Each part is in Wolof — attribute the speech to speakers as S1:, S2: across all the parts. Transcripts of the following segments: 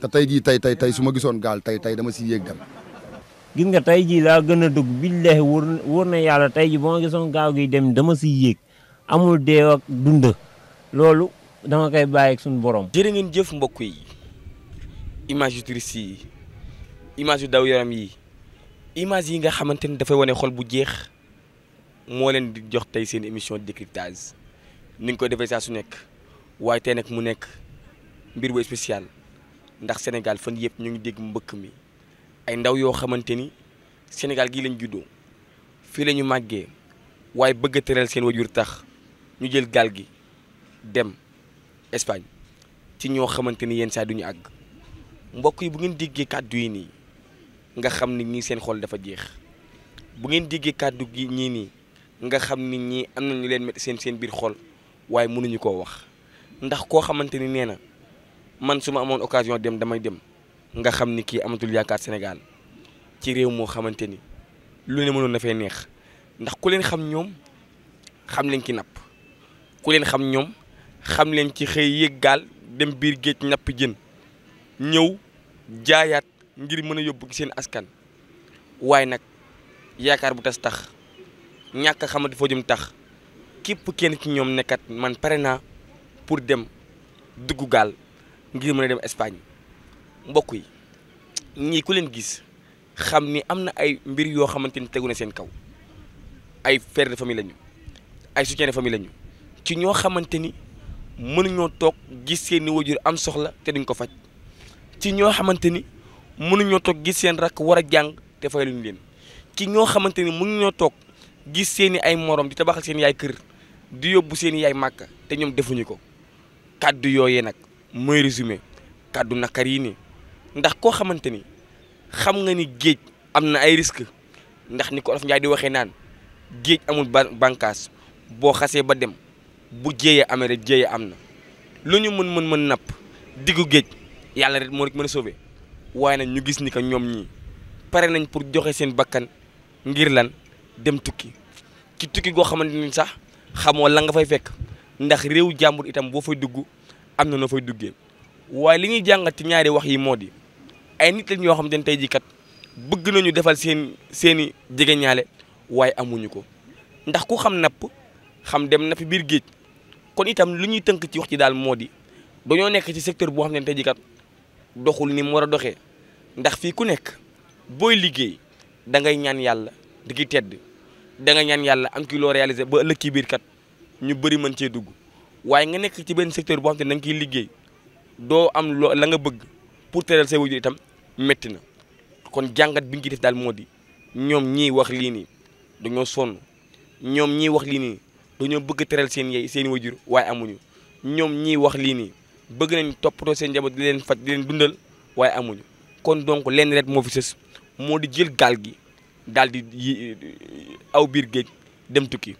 S1: te tey jii tey tey tey su ma gisoon gaal tey tey dama si yéeg dem. gis nga tey jii laa gën a dugg billahi wóor na wóor na yàlla tey jii ba ma gisoon gaaw gi dem dama si yéeg amul dee ak loolu dama koy bàyyi ak suñu borom. jërë ngeen jëf mbokk yi
S2: image yu yi image daw yaram yi image yi nga xamante ni dafay wane xol bu jeex moo leen di jox tey seen émission décryptage ni nga koy defee saa su nekk waaye tey nag mu nekk mbir bu spécial. ndax Sénégal fan yëpp ñu ngi dégg mbëkk mi ay ndaw yoo xamante ni Sénégal gii lañ juddoo fii lañu màggee waaye bëgg tëral seen wajur tax ñu jël gaal gi dem Espagne ci ñoo xamante ni yenn saa duñu àgg mbokk yi bu ngeen déggee kàddu yi nii nga xam ni ñii seen xol dafa jeex bu ngeen diggee kàddu gi ñii nii nga xam ni ñii am nañu leen met seen seen biir xol waaye mënuñu koo wax ndax koo xamante ni nee na. man su ma amoon occasion dem damay dem nga xam ni kii amatul yaakaar Sénégal ci réew moo xamante ni lu ne mënoon na fee neex ndax ku leen xam ñoom xam leen ci napp ku leen xam ñoom xam leen ci xëy yéeg gaal dem biir géej napp jën ñëw jaayaat ngir mën a yóbbu ci seen askan waaye nag yaakaar bu tas tax ñàkk a xamante foo jëm tax képp kenn ci ñoom nekkat man pare naa pour dem dugg gaal ngir mën a dem Espagne mbokk yi ñii ku leen gis xam ni am na ay mbir yoo xamante ni tegu na seen kaw ay père de famille lañu ay soutien de famille lañu ci ñoo xamante ni mënuñoo toog gis seen wajur am soxla te duñ ko faj ci ñoo xamante ni mënuñoo toog gis seen rakk war a jàng te fay luñ leen ci ñoo xamante ni mënuñoo toog gis seen ay morom di tabaxal seen yaay kër di yóbbu seen i yaay màkka te ñoom defuñu ko kàddu yooyee nag. mooy résumé kàddu nakar yi nii ndax koo xamante ni xam nga ni géej am na ay risque ndax ni ko Olof Njaay di waxee naan géej amul bànkaas boo xasee ba dem bu jéeye amee rek jéeye am na lu ñu mën mën mën napp diggu géej yàlla rek moo rek mën a sauver waaye nañ ñu gis ni que ñoom ñii pare nañ pour joxe seen bakkan ngir lan dem tukki ci tukki goo xamante ni sax xamoo la nga fay fekk ndax réew jàmbur itam boo fay dugg am na noo fay duggee waaye li ñuy jàngat ci ñaari wax yi moo di ay nit lañ yoo xam ne tey jii kat bëgg nañu defal seen seeni jegeñaale waaye amuñu ko ndax ku xam napp xam dem na fi biir géej kon itam li ñuy tënk ci wax ci daal moo di dañoo nekk ci secteur boo xam ne tey jii kat doxul ni mu war a doxee ndax fii ku nekk booy liggéey dangay ñaan yàlla di ki tedd da ñaan yàlla am ki loo réalisé ba ëllëg ci biir kat ñu bëri mën cee dugg. waaye nga nekk ci benn secteur boo xam te ne da nga koy liggéey doo am loo la nga bëgg pour teral say waajur itam metti na kon jàngat bi ñu def daal moo di ñoom ñii wax lii nii dañoo sonn ñoom ñii wax lii nii dañoo bëgg teral seen yey seen waajur waaye amuñu ñoom ñii wax lii nii bëgg nañ toppatoo seen njaboot di leen faj di leen dundal waaye amuñu kon donc leen rek moo fi sës moo di jël gaal gi daal di aw biir géej dem tukki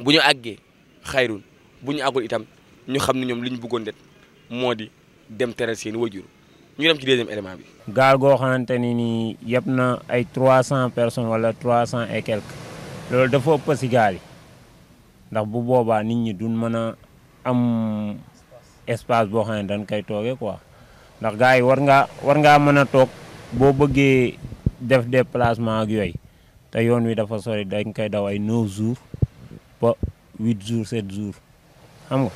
S2: bu ñu àggee xayrun bu ñu àggul itam ñu xam ne ñoom li ñu bëggoon det moo di dem teral seen wajur ñu dem ci deuxième élément bi.
S1: gaal goo xamante ni nii yëpp na ay trois cent personnes wala trois cent et quelques loolu dafa ëpp si gaal yi ndax bu boobaa nit ñi duñ mën a am espace boo xam ne dañ koy toogee quoi ndax gars yi war ngaa war ngaa mën a toog boo bëggee def de déplacement ak yooyu te yoon wi dafa sori dañ koy daw ay neuf jours ba huit jours sept jours xam nga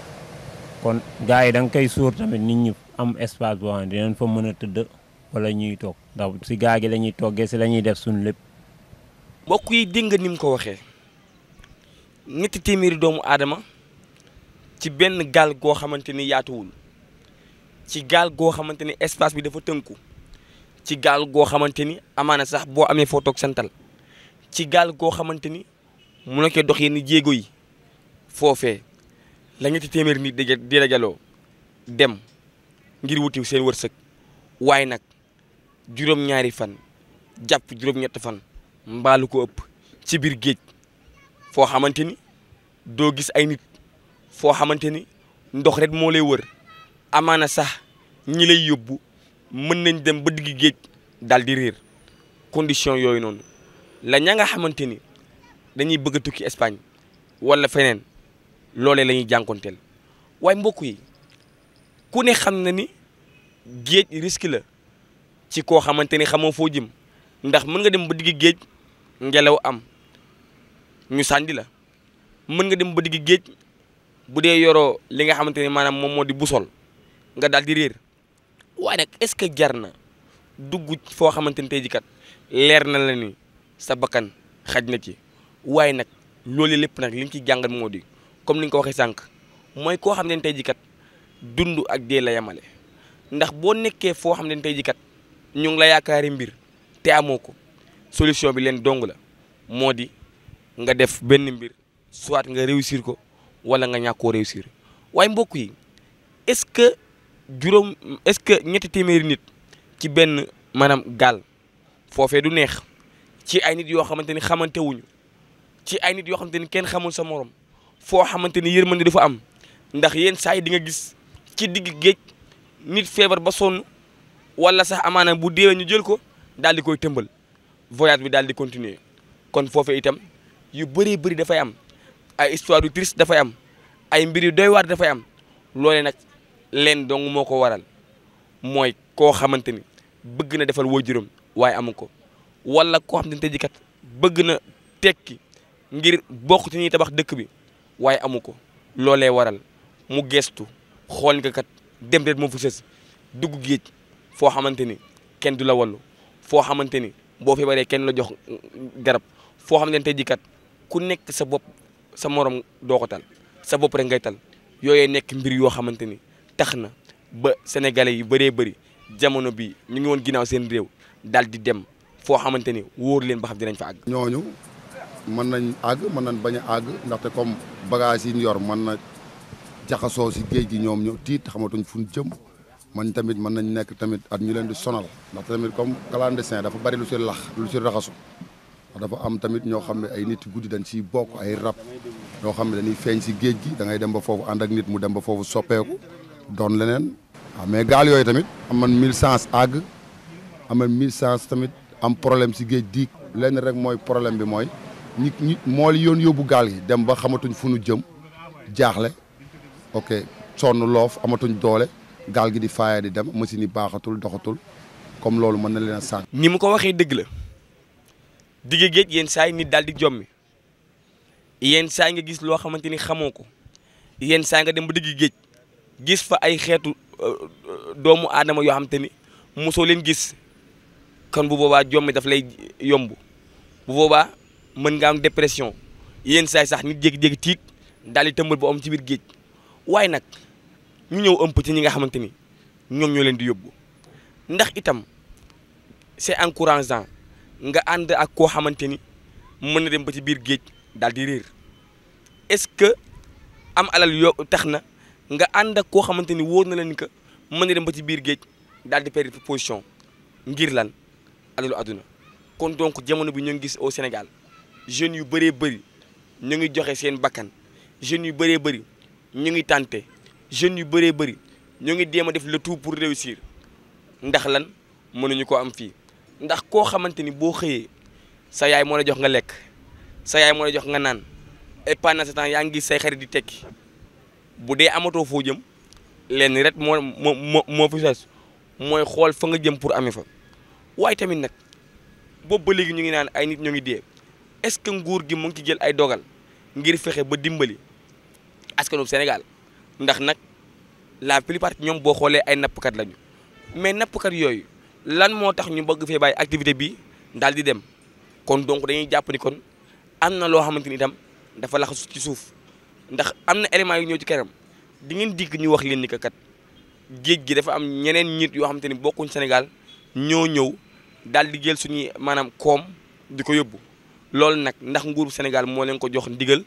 S1: kon gars yi da nga koy suur tamit nit ñi am espace boo xam ne dinañ fa mën a tëdd wala ñuy toog ndax si gaa gi lañuy ñuy toggee si lañuy def suñu lépp.
S2: mbokk yi dégg nga ni ko waxee ñetti téeméeri doomu aadama ci benn gaal goo xamante ni yaatuwul ci gaal goo xamante ni espace bi dafa tënku ci gaal goo xamante ni amaana sax boo amee foo toog santal ci gaal goo xamante ni mu nekkee dox yenn jéego yi foofee la ñetti téeméeri nit di dajaloo dem ngir wuti seen wërsëg waaye nag juróom-ñaari fan jàpp juróom-ñett fan mbaalu ko ëpp ci biir géej foo xamante ni doo gis ay nit foo xamante ni ndox rek moo lay wër amaana sax ñi lay yóbbu mën nañ dem ba digg géej daal di riir condition yooyu noonu la ña nga xamante ni dañuy bëgg a tukki Espagne walla feneen loole la ñuy jànkonteel waaye mbokk yi ku ne xam na ni géej risque la ci koo xamante ni xamoo foo jëm ndax mën nga dem ba digg géej ngelaw am ñu sàndi la mën nga dem ba digg géej bu dee yoroo li nga xamante ni maanaam moom moo di busol nga daal di réer waaye nag est-ce que jar na dugg foo xamante ni tey jii leer na la ni sa bakkan xaj na ci waaye nag loolu lépp nag li ñu ci jàngat moo di. comme ni nga ko waxee sànq mooy koo xam ne tey jii kat dund ak dee la yemale ndax boo nekkee foo xam ne tey jii kat ñu ngi la yaakaari mbir te amoo ko solution bi leen dong la moo di nga def benn mbir soit nga réussir ko wala nga ñàkk réussir waaye mbokk yi est-ce que juróom est-ce que ñetti téeméeri nit ci benn maanaam gaal foofee du neex ci ay nit yoo xamante ni xamante wuñu ci ay nit yoo xamante ni kenn xamul sa morom. foo xamante ni yërmande dafa am ndax yenn saa yi di nga gis ci digg géej nit feebar ba sonn wala sax amaana bu deewee ñu jël ko daal di koy tëmbal voyage bi daal di continuer kon foofee itam yu bëree bëri dafay am ay histoire yu triste dafay am ay mbir yu doy waar dafay am loole nag leen dong moo ko waral mooy koo xamante ni bëgg na defal juróom waaye amu ko wala koo xamante ni tey jii bëgg na tekki ngir bokk ci ñuy tabax dëkk bi. waaye amu ko loolee waral mu gestu xool nga kat dem ret moo fu sës dugg géej foo xamante ni kenn du la wallu foo xamante ni boo feebaree kenn la jox garab foo xam ne tey jii kat ku nekk sa bopp sa morom doo ko tal sa bopp rek ngay tal yooyee nekk mbir yoo xamante ni tax na ba sénégalais yi bëree bëri jamono bi ñu ngi woon ginnaaw seen réew dal di dem foo xamante ni wóor leen ba xam dinañ fa àgg. ñooñu. mën nañ àgg mën nañ bañ a àgg ndaxte comme bagage yi ñu yor mën na jaxasoo si géej gi ñoom ñu tiit xamatuñ fu ñu jëm man tamit mën nañ nekk tamit at ñu leen di sonal ndaxte tamit comme clandestin dafa bari lu si lax lu si raxasu dafa am tamit ñoo xam ne ay nit guddi dañ siy bokk ay rab ñoo xam ne dañuy feeñ si géej gi da ngay dem ba foofu ànd ak nit mu dem ba foofu soppeeku doon leneen waaw ah, mais gaal yooyu tamit am nañ mille chance àgg am nañ mille chance tamit am problème si géej diig lenn rek mooy problème bi mooy ñi ñi mool yoon yóbbu gaal gi dem ba xamatuñ fu nu jëm jaaxle ok sonn loof amatuñ doole gaal gi di faaya di dem machine yi baaxatul doxatul comme loolu mën na leen a sànq. ni mu ko waxee dëgg la digg géej yenn saay yi nit daal di jommi yenn saa nga gis loo xamante ni xamoo ko yenn saa nga dem ba digg géej gis fa ay xeetu euh, doomu aadama yoo xam xamante ni mosoo leen gis kon bu boobaa jommi daf lay yomb bu boobaa. mën nga am dépression yéen saay sax nit jékki-jékki tiit daal di tëmbal bu am ci biir géej waaye nag ñu ñëw ëmp ci ñi nga xamante ni ñoom ñoo leen di yóbbu ndax itam c'est encourageant nga ànd ak koo xamante ni mën na dem ba ci biir géej daal di réer est-ce que am alal yo na nga ànd ak koo xamante ni wóor na leen que mën na dem ba ci biir géej daal di perdre position ngir lan alalu àdduna kon donc jamono bi ñoo ngi gis au Sénégal jeunes yu bëree bëri ñu ngi joxe seen bakkan jeunes yu bëree bëri ñu ngi tànte jeunes yu bëree bëri ñoo ngi jéem a def le tout pour réussir ndax lan mënuñu ko am fii ndax koo xamante ni boo xëyee sa yaay moo la jox nga lekk sa yaay moo la jox nga naan et pendant ce temps yaa ngi say xarit di tekki bu dee amatoo foo jëm lenn rek moo moo fi sas mooy xool fa nga jëm pour amee fa waaye tamit nag boobu ba léegi ñu ngi naan ay nit ñu ngi dee est-ce que nguur gi mu ngi ci jël ay dogal ngir fexe ba dimbali askanu Sénégal ndax nag la plupart ñoom boo xoolee ay nappkat lañu mais nappkat yooyu lan moo tax ñu bëgg fee bàyyi activité bi daal di dem kon donc dañuy jàpp ni kon am na loo xamante ni itam dafa laxasu ci suuf ndax am na éléments yu ñëw ci kanam di ngeen dikk ñu wax leen ni géej gi dafa am ñeneen nit yoo xamante ni bokkuñ Sénégal ñoo ñëw daal di jël suñuy maanaam koom di ko yóbbu. loolu nag ndax nguuru Sénégal moo leen ko jox ndigal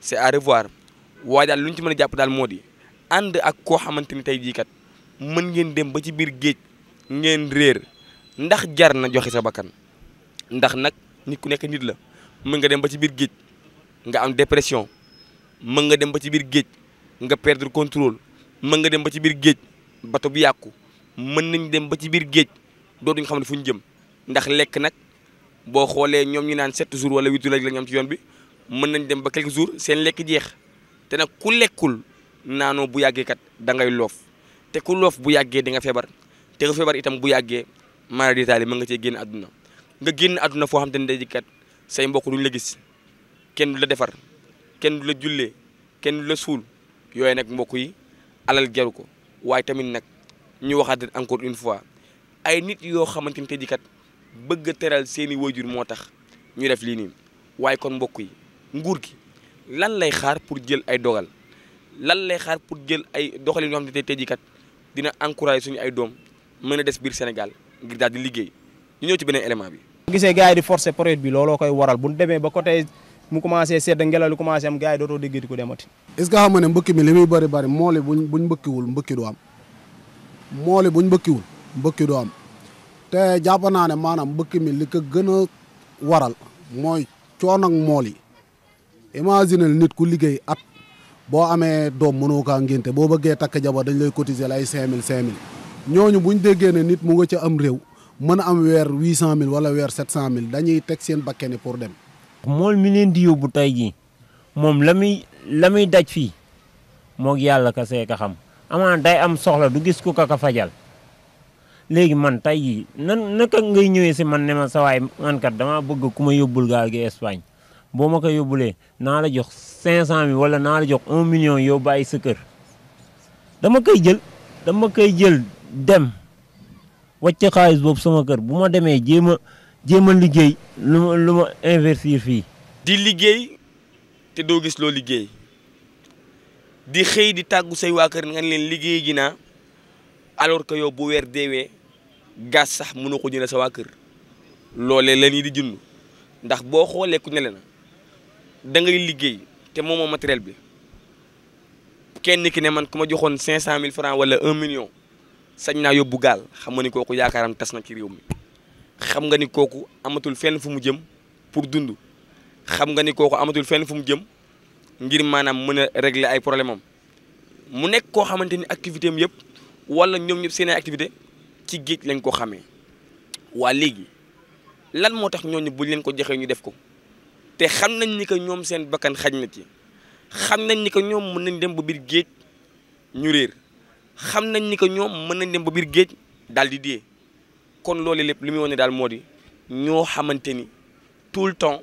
S2: c'est arrévoir revoir waaye daal lu ñu ci mën a jàpp daal moo di ànd ak koo xamante ni tey jii kat mën ngeen dem ba ci biir géej ngeen réer ndax jar na joxe sa bakkan ndax nag nit ku nekk nit la mën nga dem ba ci biir géej nga am dépression mën nga dem ba ci biir géej nga perdre contrôle mën nga dem ba ci biir géej bato bu yàqu mën nañ dem ba ci biir géej dootuñ xam ne fu ñu jëm ndax lekk nag. boo xoolee ñoom ñi naan 7 jours wala 8 jours rek la ñu am ci yoon bi mën nañ dem ba quelques jours seen lekk jeex te nag ku lekkul naanoo bu yàggee kat da ngay loof te ku loof bu yàggee di nga feebar te ku feebar itam bu yàggee maladie taali mën nga cee génn àdduna nga génn àdduna foo xam te ne day kat say mbokk duñ la gis kenn du la defar kenn du la jullee kenn du la suul yooyu nag mbokk yi alal jaru ko waaye tamit nag ñu waxaat encore une fois ay nit yoo xamante ni tey kat. bëgg a teral seeni waajur moo tax ñu def lii nii waaye kon mbokk yi nguur gi lan lay xaar pour jël ay dogal lan lay xaar pour jël ay doxalin yoo xam ne tey jii kat dina encouragé suñu ay doom mën a des biir Sénégal ngir daal di liggéey ñu ñëw ci beneen élément bi. bu gisee gars yi di forcer période bi looloo koy waral bu ñu demee ba côté mu commencé sedd ngelaw li commencé am gars yi dootoo déggati ko demati. est ce que xam mi li muy bëri bari mool yi buñ buñ mbëkkiwul mbëkki du am mool yi buñ mbëkkiwul mbëkki du am. te jàpp naa ne maanaam mbëkk mi li ko gën a waral mooy coono ak mool yi imaginel nit ku liggéey at boo amee doom mënoo kaa ngénte boo bëggee takk jabar dañ lay cotiser ay cinq mille cinq mille ñooñu buñ déggee ne nit mu nga ca am réew mën a am weer huit cent mille wala weer sept cent mille dañuy teg seen bakkeni pour dem
S1: mool mi leen di yóbbu tey jii moom la muy la muy daj fii moog yàlla ka see xam amaan day am soxla du gis ku ka ka fajal léegi man tey jii nan naka ngay ñëwee si man ne ma sa waay man kat damaa bëgg ku ma yóbbul gaal gi Espagne boo ma ko yóbbulee naa la jox 500000 wala naa la jox 1 million yow bàyyi sa kër dama koy jël dama koy jël dem wacc xaalis boobu sama kër bu ma demee jéem a jéem a liggéey lu ma lu ma investir fii.
S2: di liggéey te doo gis loo liggéey di xëy di tàggu say waa kër nga leen liggéey gi naa alors que yow bu weer deewee. gaz sax mënoo ko jënd sa waa kër loole la ñuy di jënd ndax boo xoolee ku ne la na da ngay liggéey te moom moomoo matériel bi kenn ki ne man ku ma joxoon cinq cent mille francs wala un million sañ naa yóbbu gaal xam nga ni kooku yaakaaram tas na ci réew mi xam nga ni kooku amatul fenn fu mu jëm pour dund xam nga ni kooku amatul fenn fu mu jëm ngir maanaam mën a réglé ay problème am mu nekk koo xamante ni activité am yëpp wala ñoom ñëpp seen ay activité ci géej lañ ko xamee waa léegi lan moo tax ñooñu buñ leen ko joxee ñu def ko te xam nañ ni que ñoom seen bakkan xaj na ci xam nañ ni que ñoom mën nañ dem ba biir géej ñu réer xam nañ ni que ñoom mën nañ dem ba biir géej daal di dee kon loolu lépp li muy wane daal moo di ñoo xamante ni tout le temps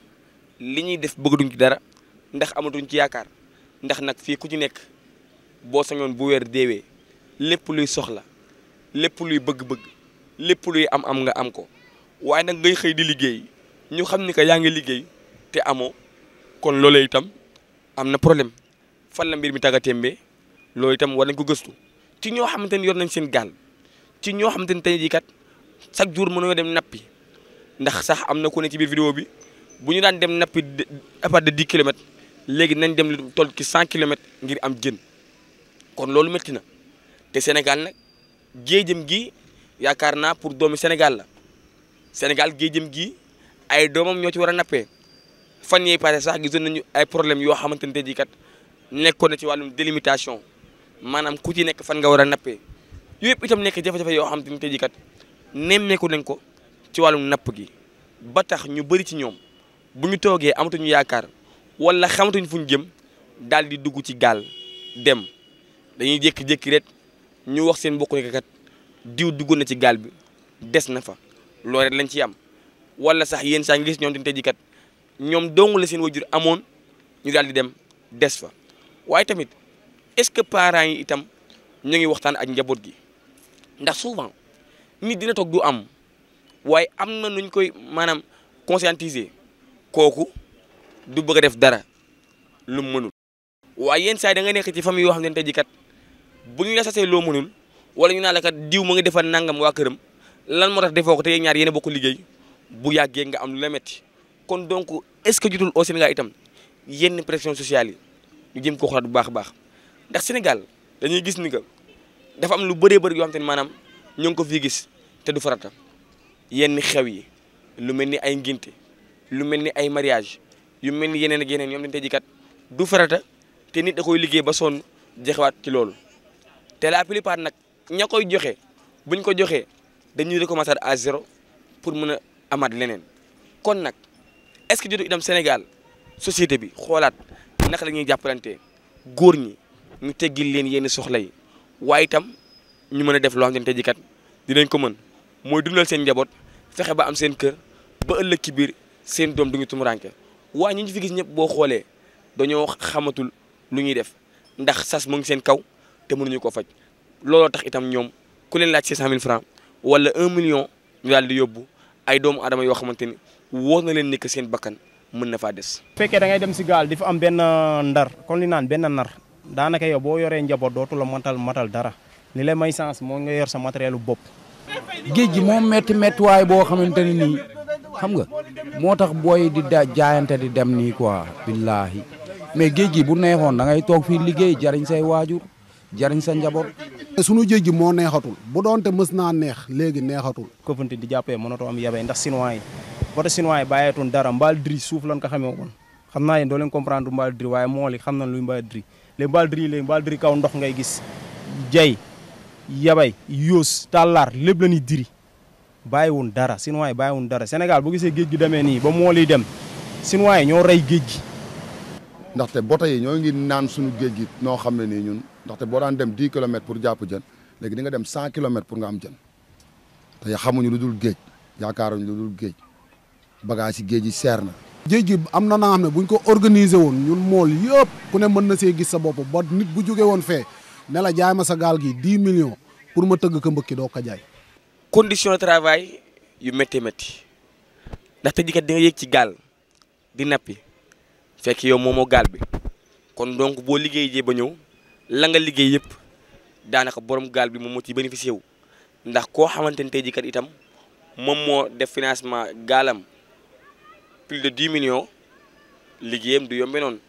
S2: li ñuy def bëggaduñ ci dara ndax amatuñ ci yaakaar ndax nag fii ku ci nekk boo sañoon bu weer deewee lépp luy soxla. lépp luy bëgg-bëgg lépp luy am-am nga am ko waaye nag ngay xëy di liggéey ñu xam ni que yaa ngi liggéey te amoo kon loolee itam am na problème fan la mbir mi tàgga témbee loolu itam war ko gëstu ci ñoo xamante ni yor nañ seen gaal ci ñoo xamante ni tey jii kat chaque jour mënoo dem nappi ndax sax am na ku ne ci bi bu ñu daan dem nappi à partir de léegi nañ dem lu toll ci cent kilomètres ngir am jën kon loolu métti na te Sénégal nag. géejëm gi yaakaar naa pour doomi Sénégal la Sénégal géejëm gi ay doomam ñoo ci war a nappee fan yii passé sax gisoon nañu ay problème yoo xamante ne ji kat nekkoon na ci wàllum délimitation maanaam ku ci nekk fan nga war a nappee yooyu yëpp itam nekk jafe-jafe yoo xamante ne ji kat nemmeeku nañ ko ci wàllum napp gi ba tax ñu bëri ci ñoom bu ñu toogee amatuñu yaakaar walla xamatuñ fu ñu jëm daal di dugg ci gaal dem dañuy jékki-jékki rek. ñu wax seen mbokk ne kat diw duggoon na ci gaal bi des na fa loolu lañ ci am wala sax yéen saa ngi gis ñoom tey jii kat ñoom dong la seen wajur amoon ñu daal di dem des fa waaye tamit est-ce que parent yi itam ñu ngi waxtaan ak njaboot gi ndax souvent nit dina toog du am waaye am na nu ñu koy maanaam conscientiser kooku du bëgg def dara lu mu mënul. waaye yenn saa yi da nga nekk ci famille yoo xam ne tey bu ñu la sasee loo mënul wala ñu naa la kat diw mu ngi defal nangam waa këram lan moo tax defoo ko te ñaar yéen a bokk liggéey bu yàggee nga am lu la metti kon donc est-ce que jotul au Sénégal itam yenn pression sociale yi ñu jëm ko xoolaat bu baax a baax ndax Sénégal dañuy gis ni que dafa am lu bëree bëri yoo xam te ne maanaam ñoo ngi ko fii gis te du farata yenn xew yi lu mel ni ay ngénte lu mel ni ay mariage yu mel ni yeneen ak yeneen ñoom dañu tey ji kat du te nit da koy liggéey ba sonn jeexewaat ci loolu. te la plupart nag ña koy joxe buñ ko joxee dañuy recommencer à zéro pour mën a amaat leneen kon nag est-ce que jotu itam Sénégal société bi xoolaat naka la ñuy jàppalantee góor ñi ñu teggil leen yenn soxla yi waaye itam ñu mën a def loo xamante ji kat dinañ ko mën mooy dundal seen njaboot fexe ba am seen kër ba ëllëg ci biir seen doom du ñu tumuranke waaye ñu fi gis ñëpp boo xoolee dañoo xamatul lu ñuy def ndax sas mu ngi seen kaw te mënuñu ko faj looloo tax itam ñoom ku leen laaj mil francs wala 1 million ñu daal di yobbu ay doomu adama yoo xamante ni wóor na leen ni que seen bakkan mën na faa des. fekkee da ngay dem si gaal di fa am benn ndar kon li naan benn nar daanaka yow boo yoree njaboot dootuloo la matal matal dara li lay may chance moo nga yor sa matériel bopp. géej gi moom métti méttiwaay boo xamante ne nii xam nga moo tax booy di daa jaayante di dem nii quoi billaahi mais gi bu neexoon da ngay toog fii jariñ sa njaboot. sunu géej gi moo neexatul bu doonte mës naa neex léegi neexatul. Kofountine di jàppee mënatoo am yabay ndax chinois yi bota chinois yi bàyyeetoon dara mbaal dri suuf lan ko xamee woon xam naa yéen doo leen comprendre mbaal dri waaye mool yi xam nañ luy mbaal dri léegi mbaal dri léegi mbaal kaw ndox ngay gis jay yabay yóos tàllaar lépp la ñuy diri bàyyiwun dara chinois yi bàyyiwun dara Sénégal bu gisee géej gi demee nii ba mool yi dem chinois yi ñoo rey géej gi ndaxte boote yi ñoo ngi naan suñu géej gi noo xam ne nii ñun ndaxte boo daan dem dix kilomètres pour jàpp jën léegi di nga dem cent kilomètres pour nga am jën te xamuñu lu dul géej yaakaaruñu lu dul géej bagage yi géej yi seer na. géej gi am na naa xam ne buñ ko organiser woon ñun mool yëpp ku ne mën na see gis sa bopp ba nit bu jóge woon fee ne la jaay ma sa gaal gi dix millions pour ma tëgg ko mbëkki doo ko jaay. condition de travail yu métti métti ndaxte ji kat di yéeg ci gaal di nappi fekk yow moomoo gaal bi kon donc boo liggéey ba ñëw. la nga liggéey yépp daanaka boroom gaal bi moom moo ci bénéficié wu ndax koo xamante ni tey jii kat itam moom moo def financement gaalam plus de 10 millions liggéeyam du yombe noonu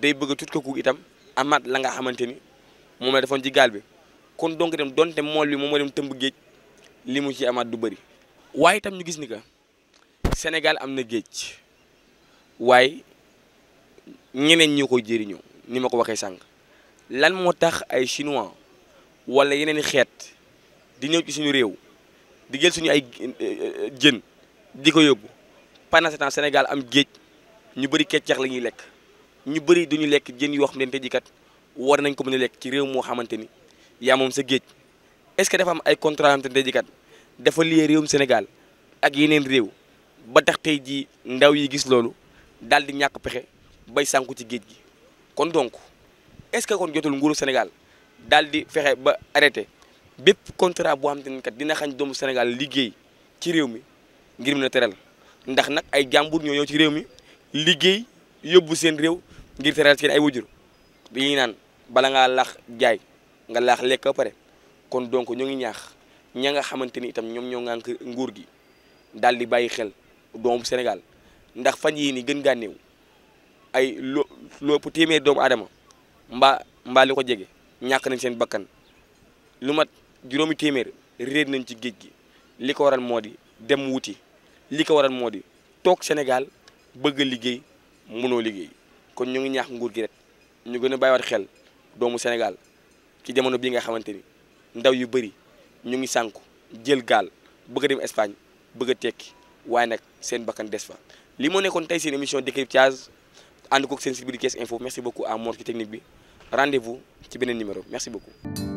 S2: day bëgg a tut ko ku itam amaat la nga xamante ni moom la defoon ci gaal bi kon donc itam donte mool bi moom moo dem tëmb géej li mu ci amaat du bëri. waaye itam ñu gis ni que Sénégal am na géej waaye ñeneen ñi ko jëriñoo ni ma ko waxee sànq. lan moo tax ay chinois wala yeneen i xeet di ñëw suñu réew di jël suñu ay euh, euh, jën di ko yóbbu pendant temps Sénégal am géej ñu bëri keccax la ñuy lekk ñu bëri duñu lekk jën yoo xam ne tey jii war nañ ko mën a lekk ci réew moo xamante ni yaa moom sa géej est-ce que dafa am ay contrat yoo xam ne tey jii kat dafa lié réewum Sénégal ak yeneen réew ba tax tey ji ndaw yi gis loolu daal di ñàkk pexe bay sànku ci géej gi kon donc. est-ce que kon jotul nguuru Sénégal daal di fexe ba arrêté bépp contrat boo xam te ne kat dina xañ doomu Sénégal liggéey ci réew mi ngir mën a teral ndax nag ay jàmbur ñoo ñëw ci réew mi liggéey yóbbu seen réew ngir teral seen ay wujur dañuy naan bala ngaa laax jaay nga laax lekk ba pare kon donc ñoo ngi ñaax ña nga xamante ni itam ñoom ñoo ŋànk nguur gi daal di bàyyi xel doomu Sénégal ndax fan yii ni gën gaa néew ay lo lópp téeméer doomu aadama mba mbaa li ko jege ñàkk nañ seen bakkan lu mat juróomi téeméer réer nañ ci géej gi li ko waral moo di dem wuti li ko waral moo di toog Sénégal bëgg a liggéey mënoo liggéey kon ñu ngi ñaax nguur gi rek ñu gën a bàyyiwaat xel doomu Sénégal ki jamono bii nga xamante ni ndaw yu bëri ñu ngi sànku jël gaal bëgg a dem Espagne bëgg a tekki waaye nag seen bakkan des fa li moo nekkoon tey seen émission décryptage ànd kook seen site bi di Info merci beaucoup à ci technique bi rendez ci beneen numéro merci beaucoup